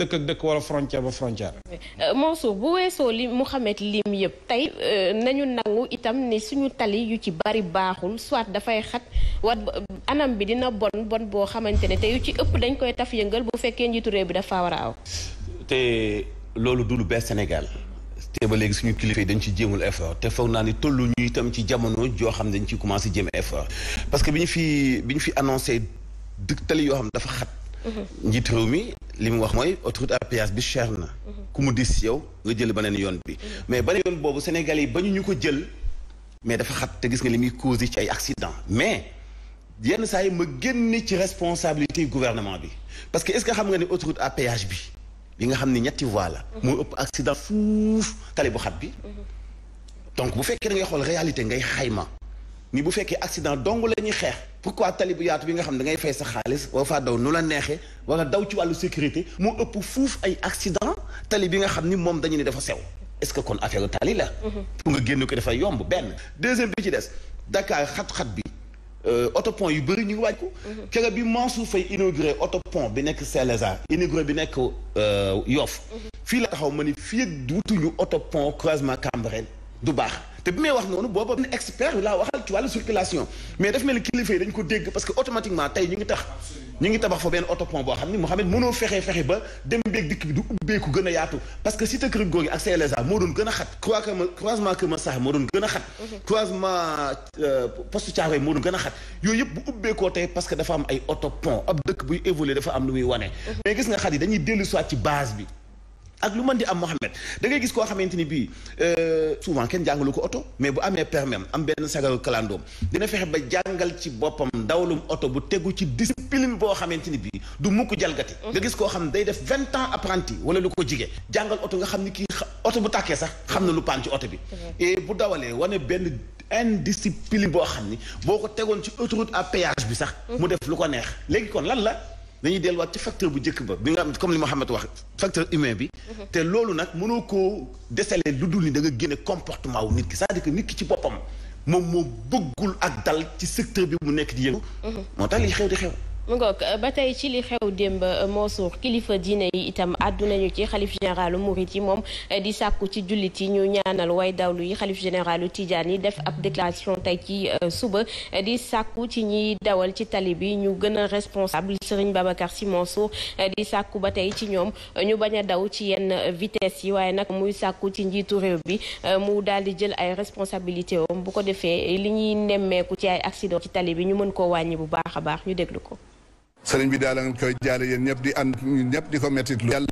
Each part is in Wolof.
dëkk ak dëkk wala frontière ba frontière. Euh, Mansour bu weesoo li Mouhamed lim yëpp tey euh, nañu nangu itam ne suñu tali yu ci bari baaxul soit dafay xat wat anam bi dina bon bon boo xamante ne te yu ci ëpp dañ koy taf yëngal bu fekkee njiitu réew bi dafa war a aw. te loolu du lu bees Sénégal. te ba léegi suñu kilifa yi dañ ci jéemul effort te foog naa ni tollu ñu tam ci jamono joo xam dañ ci commencé jéem effort parce que bi ñu fi bi ñu fi annoncé dëkk tali yoo njiit réew mi li mu wax mooy autoroute à bi cher na. Mhm. ku mu dis yow nga jël beneen yoon bi. Mhm. mais beneen yoon boobu Sénégalais yi bañu ñu ko jël. mais dafa xat te gis nga li muy causé ci ay accident mais yenn saa yi ma génn ci responsabilité gouvernement bi parce que est-ce que xam nga ne autoroute à péage bi nga xam ni ñetti voies la. Mhm. moo ëpp accident fuuf tali bu xat bi. donc bu fekkee da ngay xool réalité ngay xayma. ni bu fekkee accident dong la ñuy xeex pourquoi tali bu yaatu bi nga xam ne da ngay fay sa xaalis wala faa daw nu la neexee wala daw ci wàllu sécurité moo ëpp fuuf ay accident tali bi nga xam ni moom dañu ne dafa sew est-ce que kon affaire tali la mhm. pour nga génn ko dafay yomb benn deuxième bi ci des Dakar xat-xat bi euh, autopont yu bëri ñu ngi wàaj ko mhm. kere bi Mansour Faye inauguré autopont bi nekk Saint-Lazare inauguré bi nekk euh, Yoff mhm. fii la taxaw ma ni fii wutuñu autopont croisement Cambérène du baax te bi may wax noonu booba benn expert laa waxal ci wàllu circulation mais daf mel kilifa yi dañ ko dégg parce que automatiquement tey ñu ngi tax ñu ngi tabax fa benn autopont boo xam ni Mouhamed mënoo fexe fexe ba dem beeg dikk bi du ubbeeku gën a yaatu parce que cité Keur Gorgui ak CLSA moo doon gën a xat croisement a mhm. croisement euh, poste Thiaroye moo doon gën a xat yooyu yëpp bu ubbeekoo tey parce que dafa am ay autopont ab dëkk buy évoluer dafa am lu muy wane mhm. mais gis nga xat yi dañuy dellu soit ci base bi ak lu man di am Mohamed dangay gis koo xamante ni bii euh, souvent kenn jàngalu ko oto mais bu amee permis am benn sagaru kalandoom dina fexe ba jàngal ci boppam dawlum oto bu tegu ci discipline boo xamante ni bii du mukk jalgati mhm. nga gis koo xam day def vingt ans apprenti wala lu ko jige jàngal oto nga xam ni kii oto bu tàkkee sax xam na lu paan ci oto bi et bu dawalee wane benn indiscipline boo xam ni boo ko tegoon ci autoroute à péage bi sax mhm. mu def lu ko neex léegi kon lan la dañuy delluwaat ci facteur bu njëkk ba bi nga xam comme li Mouhamed wax facteur humain bi. Mhm. te loolu nag mënoo koo déceler lu dul ni da nga génne comportement wu nit ki cest di dire que nit ki ci boppam moom moo bëggul ak dal ci secteur bi mu nekk di yëngu. Mhm. moo tax li xew di xew. mu euh, ba tey ci li xew démb euh, Mansour kilifa diine yi itam àddunañu ci xalif généralu murit yi moom euh, di sàkku ci jullit yi ñu ñaanal way dawlu yi xalif généralu tijaan yi def ab déclaration tey ci suba di sàkku ci ñiy dawal ci tali bi ñu gën a responsable Serigne Babacar Sy Mansour di sàkku ba tey ci ñoom ñu bañ a daw ci yenn vitesse yi waaye nag muy sàkku ci njiitu réew bi mu daal di jël ay responsabilité bu ko defee li ñuy nemmeeku ci ay accident ci tali bi ñu mën koo wàññi bu baax a baax ñu déglu ko sëriñ bi daal lañ koy jaale yéen ñëpp di ànd ñun ñëpp di ko métti lu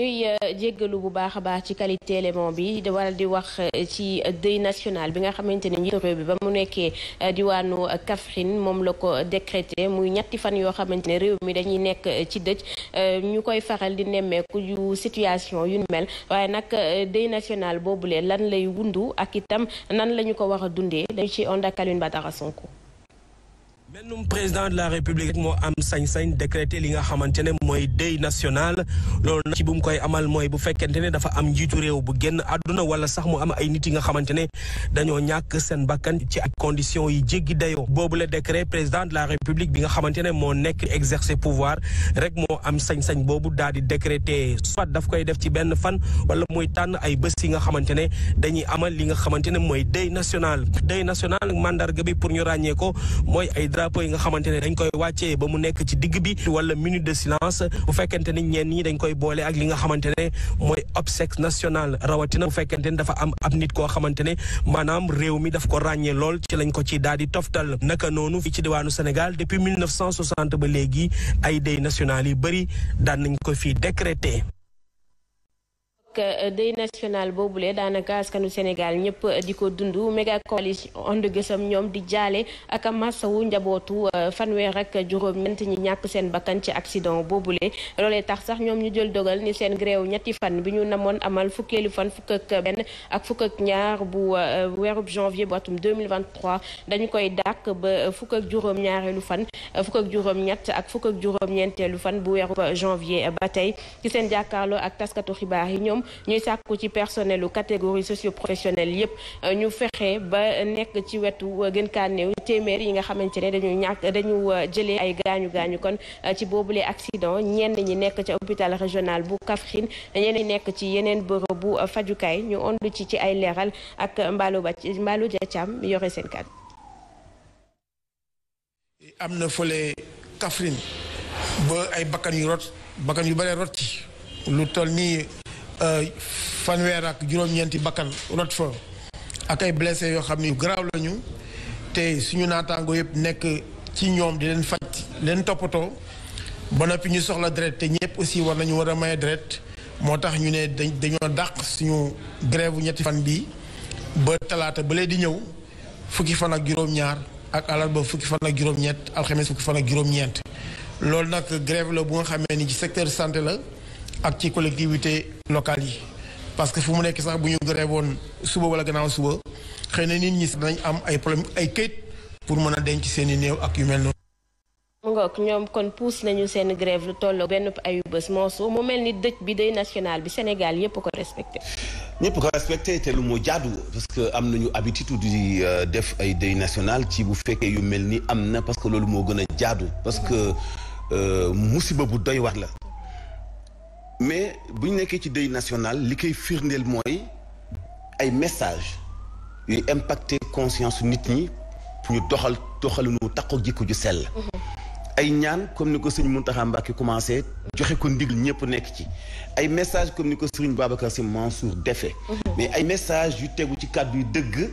ñuy euh, jéggalu bu baax a baax ci qualité élément bi da waral di wax euh, ci deuil national bi nga xamante ni njiitu réew bi ba mu nekkee euh, diwaanu Kaffrine moom la ko décrété muy ñetti fan yoo xamante ne réew mi dañuy nekk ci dëj ñu koy faral di nemmeeku yu situation yu mel waaye nag deuil national boobulee lan lay wundu ak itam nan la ñu ko war a dundee dañu ci onda Kalioune Badara Sonko mennum président la république moo am sañ-sañ décréter li nga xamante ne mooy deuil national loolu nag bu mu koy amal mooy bu fekkente ne dafa am njiitu réew bu génn àdduna wala sax mu am ay nit yi nga xamante ne dañoo ñàkk seen bakkan ci ak conditions yi jéggi dayoo boobu la décret président de la république bi nga xamante ne moo nekk exercer pouvoir rek moo am sañ-sañ boobu daal di décréter soit daf koy def ci benn fan wala muy tànn ay bés yi nga xamante ne dañuy amal li nga xamante ne mooy deuil national day national mandarga bi pour ñu ràññee ko mooy ay drapeau yi nga xamante ne dañ koy wàccee ba mu nekk ci digg bi wala minute de silence bu fekkente ne ñeen ñi dañ koy boole ak li nga xamante ne mooy obsèque nationale rawatina bu fekkente ne dafa am ab nit koo xamante ne maanaam réew mi daf ko ràññee lool ci lañ ko ci daal di toftal naka noonu fii ci diwaanu Sénégal depuis 1960 ba léegi ay day nationale yu bëri daan nañ ko fii décrété Euh, deuil national boobule daanaka askanu Sénégal ñëpp euh, di ko dund méga coalition And Gueusseum ñoom di jaale ak masawu njabootu euh, fanweer ak juróom-ñeent ñi ñàkk seen bakkan ci accident boobule loolee tax sax ñoom ñu jël dogal ni seen gréew ñetti fan bi ñu namoon amal fukkeelu fan fukk ak benn ak fukk ak ñaar bu weerub janvier bu atum 2023 dañu koy dàq ba fukk juróom-ñaareelu fan fukk ak juróom fukk ak fan bu weerub janvier ba tey ci seen jàkkaarloo ak taskatu xibaar yi ñoom ñuy sàkku ci personnel u catégorie socioprofessionnelle yépp euh, ñu fexe ba nekk ci wetu euh, gën kaa néew téeméer yi nga xamante ne dañu ñàkk dañu euh, jëlee ay gaañu gaañu kon ci boobu boobule accident ñeen ñi nekk ca hôpital régional bu kafrin ñenn ñi nekk ci yeneen bërëb bu fajukaay ñu ond ci ci ay leeral ak mbalo Ba Mballo Dia Thiam yore seen kàddu am na fële Kaffrine ba ay bakkan yu rot bakkan yu bare rot ci lu toll nii Euh, fanweer ak juróom-ñeenti bakkan rot fa ak ay blessé yoo xam ni garaaw lañu te suñu naataango yëpp nekk ci ñoom di leen faj leen toppatoo ba noppi ñu soxla deret te ñëpp aussi war nañu war a maye deret moo tax ñu ne dañoo dàq suñu bu ñetti fan bi ba talaata ba lee di ñëw fukki fan ak juróom-ñaar ak alarba fukki fan ak juróom-ñett alxames fan ak juróom-ñeent loolu nag grève la bu nga xamee ni ci secteur santé la ak ci collectivité locale yi parce que fu mu nekk sax bu ñu gëree woon suba wala gannaaw suba xëy na nit ñi sax danañ am ay problème ay kayit pour mën a denc seen i néew ak yu mel noonu. mu ngoog ñoom kon puus nañu seen grève lu toll benn ayu bés moosu mu mel ni dëj bi deuil national bi Sénégal yépp ko respecté. ñëpp ko respecté te lu moo jaadu parce que am nañu habitude di euh, def ay deuil national ci bu fekkee yu mel nii am na parce que loolu moo gën a jaadu parce que euh, musiba bu doy war la mais bu ñu nekkee ci deuil national li koy firndeel mooy ay message yuy impacté conscience nit ñi ñu doxal doxalinu takko jikko ju sell mm-hmm. ay ñaan comme ni ko sëñ Mountakha Mbacké commencé joxe ko ndigal ñëpp nekk ci ay message comme ni ko sëriñ Babacar Sy Mansour defee mm-hmm. mais ay message yu tegu ci kàddu yu dëgg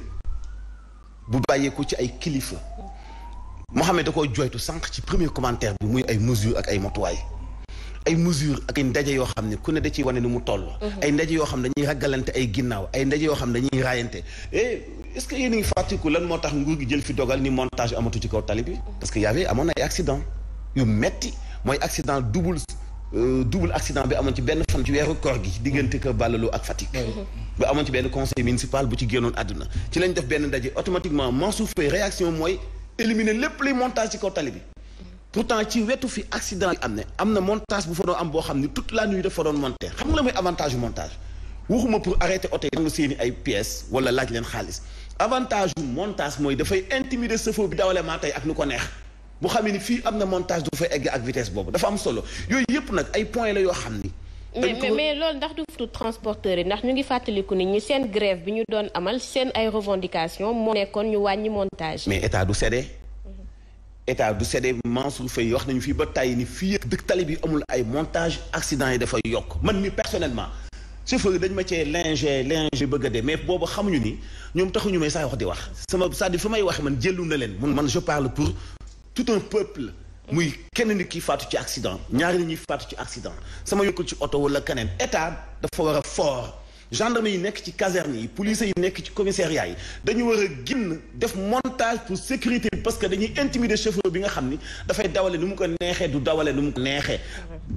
bu bàyyeeku ci ay kilifa mm-hmm. Mohamed da koo joytu sànq ci premier commentaire bi muy ay mesure ak ay motuwaay ay mesures ak ay ndaje yoo xam ne ku ne da ciy wane ni mu toll. Mhm. ay ndaje yoo xam ne dañuy ragalante ay ginnaaw ay ndaje yoo xam ne dañuy raayante et eh, est-ce que yéen a ngi lan moo tax nguur gi jël fi dogal ni montage amatu ci kaw tali bi. parce que y avait amoon ay accident yu metti mooy accident double. Euh, double accident bi amoon ci benn fan ci weeru koor gi diggante Kër Ballalo ak Fatick ba amoon ci benn conseil municipal bu ci génnoon àdduna ci lañ def benn ndaje automatiquement Mansour Faye réaction mooy éliminer montage ci kaw bi pourtant ci wetu fi accident yi am ne am na montage bu fa doon am boo xam ni toute la nuit dafa doon monter xam nga la mooy avantage montage waxuma pour arrêter oto yi seeni ay pièces wala laaj leen xaalis avantage montage mooy dafay intimider sëfo bi dawale maa ak nu ko neex bu xam ni fii am na montage du fa egg ak vitesse boobu dafa am solo yooyu yëpp nag ay points la yoo xam ni. mais loolu ndax du futu transporteur yi ndax ñu ngi fàttaliku ni ñu seen grève bi ñu doon amal seen ay revendications moo nekkoon ñu wàññi montage. mais état du cédé état du seddee Mansour Faye wax nañu fii ba tàyyi ni fii ak dëkk tali bi amul ay montage accident yi dafa yokk man mi personnellement chauffeur yi dañ ma cee linger linger bëgg a dee mais boobu xamuñu ni ñoom taxuñu may saa wax di wax sama cest à fa may waxe man jëlu na leen mun man je parle pour tout un peuple muy kenn nit ki faatu ci accident ñaari nit ñuy faatu ci accident sama yokkul ci oto wala keneen état dafa war a fort gendarme yi nekk ci caserne yi police yi nekk ci commissariat yi dañu war a génn def montage pour sécurité parce que dañuy intimider chauffeur bi nga xam ni dafay dawale nu mu ko neexee du dawale nu mu ko neexee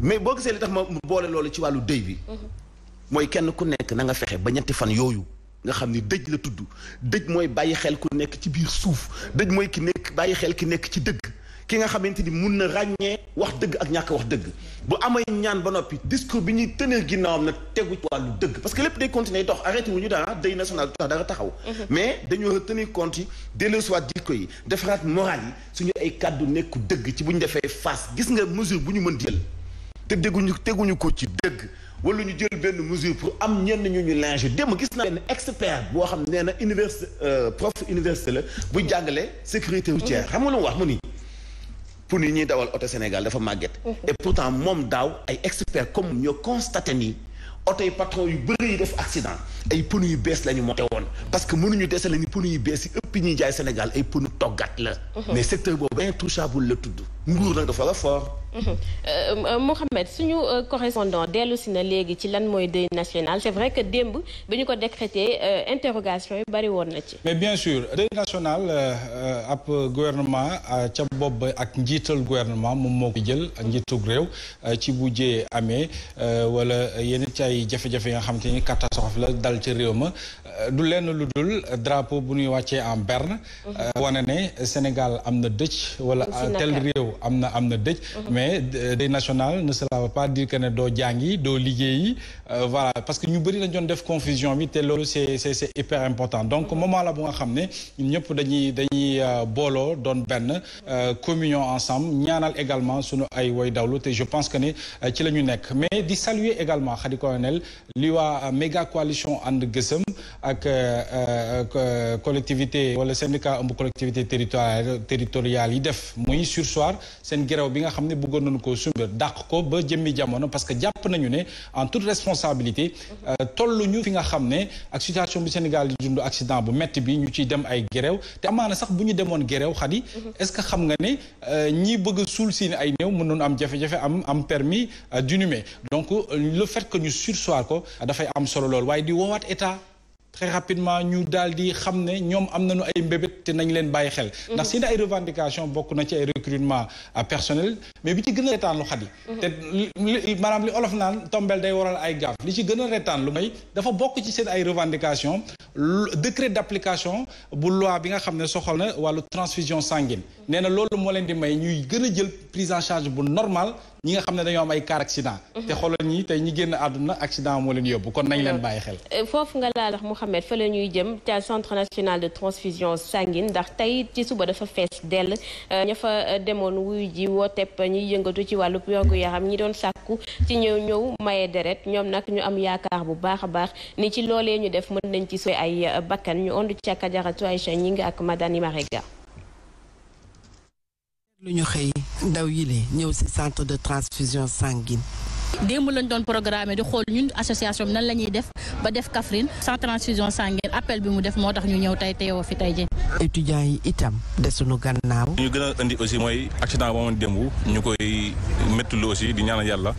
mais boo gisee li tax ma boole loolu ci wàllu dëj bi mooy kenn ku nekk na nga fexe ba ñetti fan yooyu nga xam ni dëj la tudd dëj mooy bàyyi xel ku nekk ci biir suuf dëj mooy ki nekk bàyyi xel ki nekk ci dëgg ki nga xamante ni mun na ràññee wax dëgg ak ñàkk wax dëgg bu amay ñaan ba noppi discours bi ñuy tenir ginnaawam nag tegu ci wàllu dëgg parce que lépp day continuer dox arrêté wu ñu dara deuil national du tax dara taxaw mhm. mais dañoo retenir compte yi delloosiwaat jikko yi defaraat moral yi suñu ay kàddu nekku dëgg ci bu ñu defee fas gis nga mesure bu ñu mën jël te dégguñu teguñu ko ci dëgg wala ñu jël benn mesure pour am ñenn ñu ñu linge démb gis naa benn expert boo xam nee na université euh, prof université la buy jàngale sécurité routière mhm. xam nga lu mu wax mu pour nit ñuy dawal oto Sénégal dafa magget mhm. et pourtant moom daaw ay experts comme ñoo constaté ni oto yi patron yu bëri yu def accident. ay pneu yu bees la ñu monté woon parce que mënuñu dese la ni pneu yu bees yi ëpp ñuy jaay Sénégal ay pneu toggat la mhm. mais secteur boobu intouchable la tudd nguur nag dafa la fort mhm. euh, euh, Mouhamed suñu euh, correspondant dellu si na léegi ci lan mooy deuil national c'est vrai que démb bi ñu ko décrété interrogation yi bari woon na ci mais bien sûr deuil national ab gouvernement ca bopp ak njiital gouvernement moom moo ko jël ak njiitug réew ci bu jee amee wala yenn ci ay jafe-jafe ni catastrophe dal ci réew ma euh, du lenn lu dul drapeau bu ñuy wàccee en berne euh, wane ne Sénégal am na dëj wala tel réew am na am na dëj mhm. mais euh, de national ne cela veut pas dire que ne doo jàngi doo liggéeyi voilà parce que ñu bëri lañ doon def confusion bi te loolu c'est c'est c'est hyper important donc mhm. moment la bu nga xam ne ñun ñëpp dañuy dañuy booloo doon benn communion ensemble ñaanal également sunu ay woy dawlu te je pense que ne ci la ñu nekk mais di saluer également Khady Colonel li waa méga ànd gësëm ak euh, euh, euh, collectivité wala syndicat ëmb collectivité territoriale territoriale yi def muy sursoir seen grève bi nga xam ne bëggoon nañu koo sumb dàq ko ba jëmmi jamono parce que jàpp nañu ne en toute responsabilité tolluñu fi nga xam ne ak situation bi Sénégal di dund accident bu métti bi ñu ciy dem ay grève te amaana sax bu ñu demoon grève xadi mhm. est-ce que xam nga ne ñi bëgg a suul seen ay néew mënoon am jafe-jafe am am permis d'inhumer donc lu fait ñu sursoir ko dafay am solo lool très rapidement ñu daal di xam ne ñoom am nañu ay mbébét te nañ leen bàyyi xel mhm. ndax si ay revendication bokk na ci ay recrutement euh, personnel mais bi ci gën retaan lu xadi mhm. te li olof naan tombel day waral ay gaaf li ci gën retaan lu may dafa bokk ci seen ay revendication décret d'application bu loi bi nga xam ne soxal na wàllu transfusion sanguine nee na loolu moo leen di may ñuy gën a jël prise en charge bu normal ñi nga xam ne dañoo am ay car accident mhm. te xoolal ñi tey ñi génn àdduna accident moo leen Pikine ndax tey ci suba dafa fees dell euh, ña fa euh, demoon wuy ji woo wootepp ñuy yëngatu ci wàllu yokku yaram ñi doon sàkku ci ñu ñëw maye deret ñoom nag ñu am yaakaar bu baax a baax ni ci loolee ñu def mën nañ ci soy ay euh, bakkan ñu ond ci ak ajaratu Aïcha ak Madani Marega lu ñu xëy de transfusion sanguine démb lañ doon programme di xool ñun association bi nan la ñuy def ba def Kaffrine sans transfusion sanguine appel bi mu def moo tax ñu ñëw tey teewoo fi tey jii. étudiants yi itam des desuñu gannaaw. ñu gën a indi aussi mooy accident boo mën démb ñu koy méttilu aussi di ñaanal yàlla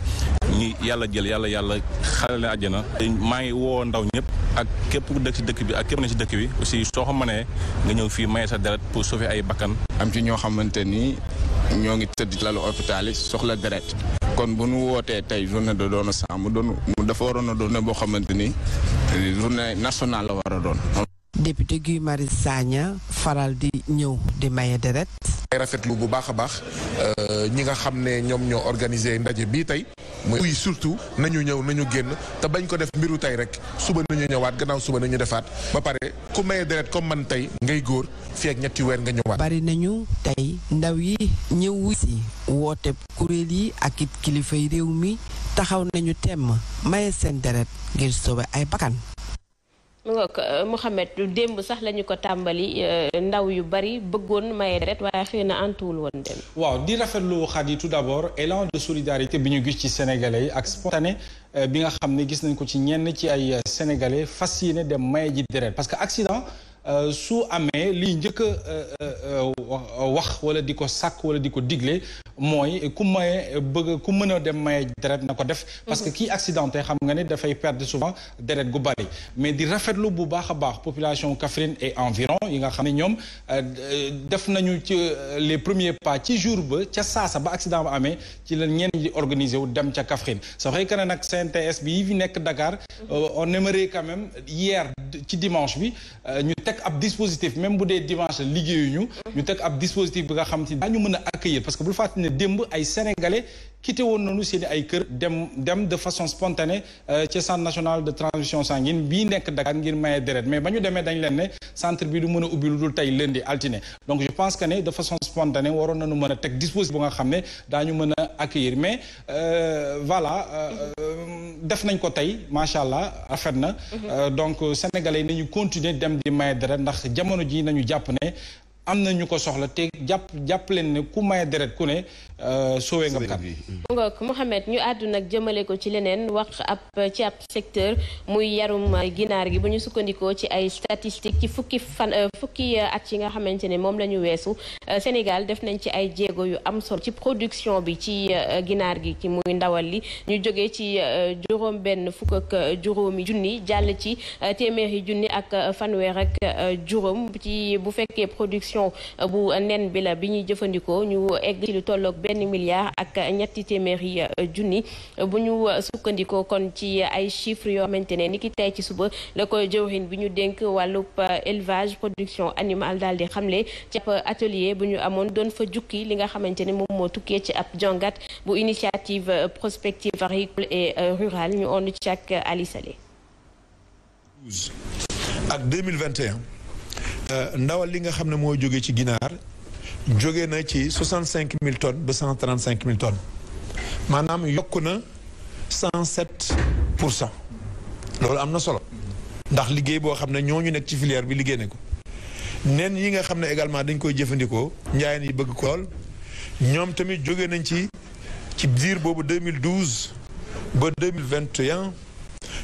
ñi yàlla jël yàlla yàlla xale la àjjana. maa ngi woo ndaw ñëpp ak képp ku dëkk si dëkk bi ak képp ne si dëkk bi aussi soo ko mënee nga ñëw fii maye sa deret pour sauver ay bakkan. am ci ñoo xamante ni ñoo ngi tëdd lalu hôpital soxla deret. kon bu nu wootee tey journée de doon a sang doon mu dafa waroon a doon boo xamante ni eh, journée nationale la war a doon. député Guy Marius Sagna faral di ñëw di maye deret. ay rafetlu bu baax a baax euh, ñi nga xam ne ñoom ñoo organisé ndaje bii tey. muy surtout nañu ñëw nañu génn te bañ ko def mbiru tey rek suba nañu ñëwaat gannaaw suba nañu defaat ba pare ku maye deret comme man tey ngay góor fii ak ñetti weer nga ñëwaat. bari nañu tey ndaw yi ñëwu si woote kuréel yi ak it kilifay réew mi taxaw nañu temm maye seen deret ngir sauver ay bakkan. mu nga euh, Mouhamed démb sax la ñu ko tàmbali euh, ndaw yu bari bëggoon maye deret waaye xëy na antuwul woon dem waaw di rafetlu xaat yi tout d'abord élan de solidarité bi ñu gis ci sénégalais yi ak spontané euh, bi nga xam ne gis nañ ko ci ñenn ci ay sénégalais fas yéene dem maye ji deret parce que accident Euh, su amee li njëkk a euh, euh, wax wala di ko sàkk wala di ko digle mooy ku maye bëgg ku mën a dem maye deret na ko def parce que mhm. kii accidenté xam nga ne dafay perdre souvent deret gu bari mais di rafetlu bu baax a baax population Kaffrine et environ yi nga xam ne ñoom def nañu ci les premiers pas ci jour ba ca saasa ba accident ba amee ci la ñenn di organiser wu dem ca Kaffrine c'est vrai que nag CNTS bi yi fi nekk Dakar mhm. on aimerait quand même ci dimanche bi euh, ñu teg ab dispositif même bu dee dimanche la ñu ñu teg ab dispositif bi nga xam te dañu mën a accueillir parce que bul fàttali ne démb ay sénégalais quitté woon nañu seen i ay kër dem dem de façon spontanée euh, ci centre national de transfusion sanguine bii nekk Dakar ngir maye deret mais ba ñu demee dañ leen ne centre bi du mën a ubbi lu dul tey di altine donc je pense que ne de façon spontanée waroon nañu mën a teg dispositif bu nga xam ne daañu mën a accueillir mais euh, voilà euh, def nañ ko tey macha allah rafet na mhm. donc sénégalais yi nañu continuer dem di maye deret ndax jamono ji nañu jàpp ne am na ñu ko soxla te jàpp jàpp leen ne ku may deret ku ne euh, soowee nga kat ngoog Mouhamed ñu àddu nag jëmale ko ci leneen wax ab ci ab secteur muy yarum euh, ginaar gi bu ñu sukkandikoo ci ay statistiques ci fukki fan euh, fukki at yi nga xamante ne moom la weesu Sénégal def nañ ci ay jéego yu am sol ci production bi ci ginaar gi ci muy ndawal li ñu jóge ci juróom benn fukk ak juróomi junni jàll ci téeméeri junni ak fanweer ak juróom ci bu fekkee production production bu nen bi la bi ñuy jëfandikoo ñu egg ci lu tolloog benn milliard ak ñetti téeméeri junni bu ñu sukkandikoo kon ci ay chiffres yoo xamante ne ni ki ci suba la ko jëwrin bi ñu dénk wàllub élevage production animale daal di xamle ci ab atelier bu ñu amoon doon fa jukki li nga xamante ne moom moo tukkee ci ab jongat bu initiative prospective agricole et euh, rurale ñu on ci ak Aliou Euh, ndawal li nga xam ne moo jóge ci ginaar jóge na ci mille 000 tonnes ba 135 000 tonnes maanaam yokku na 107 pour cent loolu am na solo ndax liggéey boo xam ne ñoo ñu nekk ci filière bi liggéey na ko nen yi nga xam ne également dañ koy jëfandikoo njaayeen yi bëgg kool ñoom tamit jóge nañ ci ci biir boobu 2012 ba 2021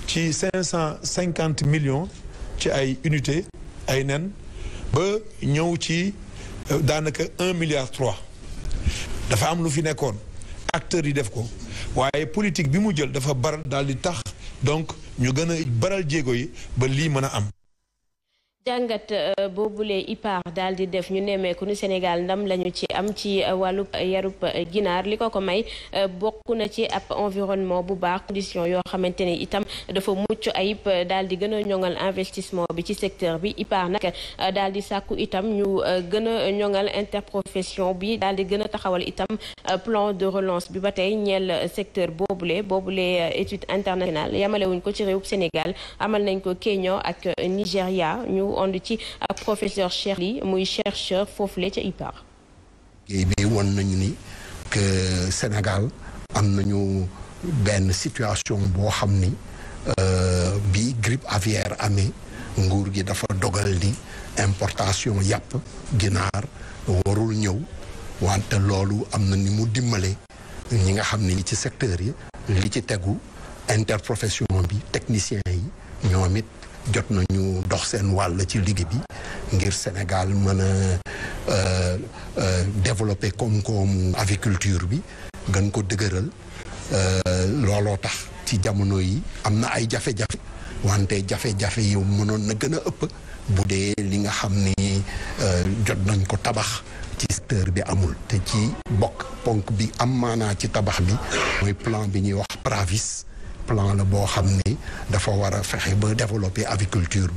ci 550 millions ci ay unité ay nen ba ñëw ci euh, daanaka un milliard trois dafa am lu fi nekkoon acteurs yi def ko waaye politique bi mu jël dafa baral daal di tax donc ñu gën a baral jéego yi ba lii mën a am jàngat euh, boobule IPAR daal di def ñu nemmeeku ni Sénégal ndam lañu ci am ci euh, wàllub yarub euh, ginaar li ko ko may bokk na ci ab environnement bu baax condition yoo xamante ni itam dafa mucc ayib daal di gën a ñoŋal investissement bi ci secteur bi IPAR nag daal di sàkku itam ñu gën a ñoŋal interprofession bi daal di gën a taxawal itam plan de relance bi ba tey ñeel secteur boobule boobule étude internationale yamalewuñ ko ci réewub Sénégal amal nañ ko Kenya ak ànd ci ak professeur Cheikh Ly muy chercheur foofule ca IPAR. mais woon nañu ni que Sénégal am nañu benn situation boo xam ni euh, bi grippe aviaire amee nguur gi dafa dogal ni importation yàpp ginaar warul ñëw wante loolu am na ni mu dimbale ñi nga xam ne ni ci secteur yi li ci tegu interprofession bi technicien yi ñoom jot nañu dox seen wàll ci liggéey bi ngir Sénégal mën a euh, euh, développer koom-koomu aviculture bi gën ko dëgëral euh, looloo tax ci jamono yi am na ay jafe-jafe wante jafe-jafe yi mënoon na gën a ëpp bu dee li nga xam ni jot nañ ko tabax ci secteur bi amul te ci bokk ponk bi am maanaa ci tabax bi mooy plan bi ñuy wax PRAVIS plan la boo xam ni dafa war a fexe ba développer aviculture bi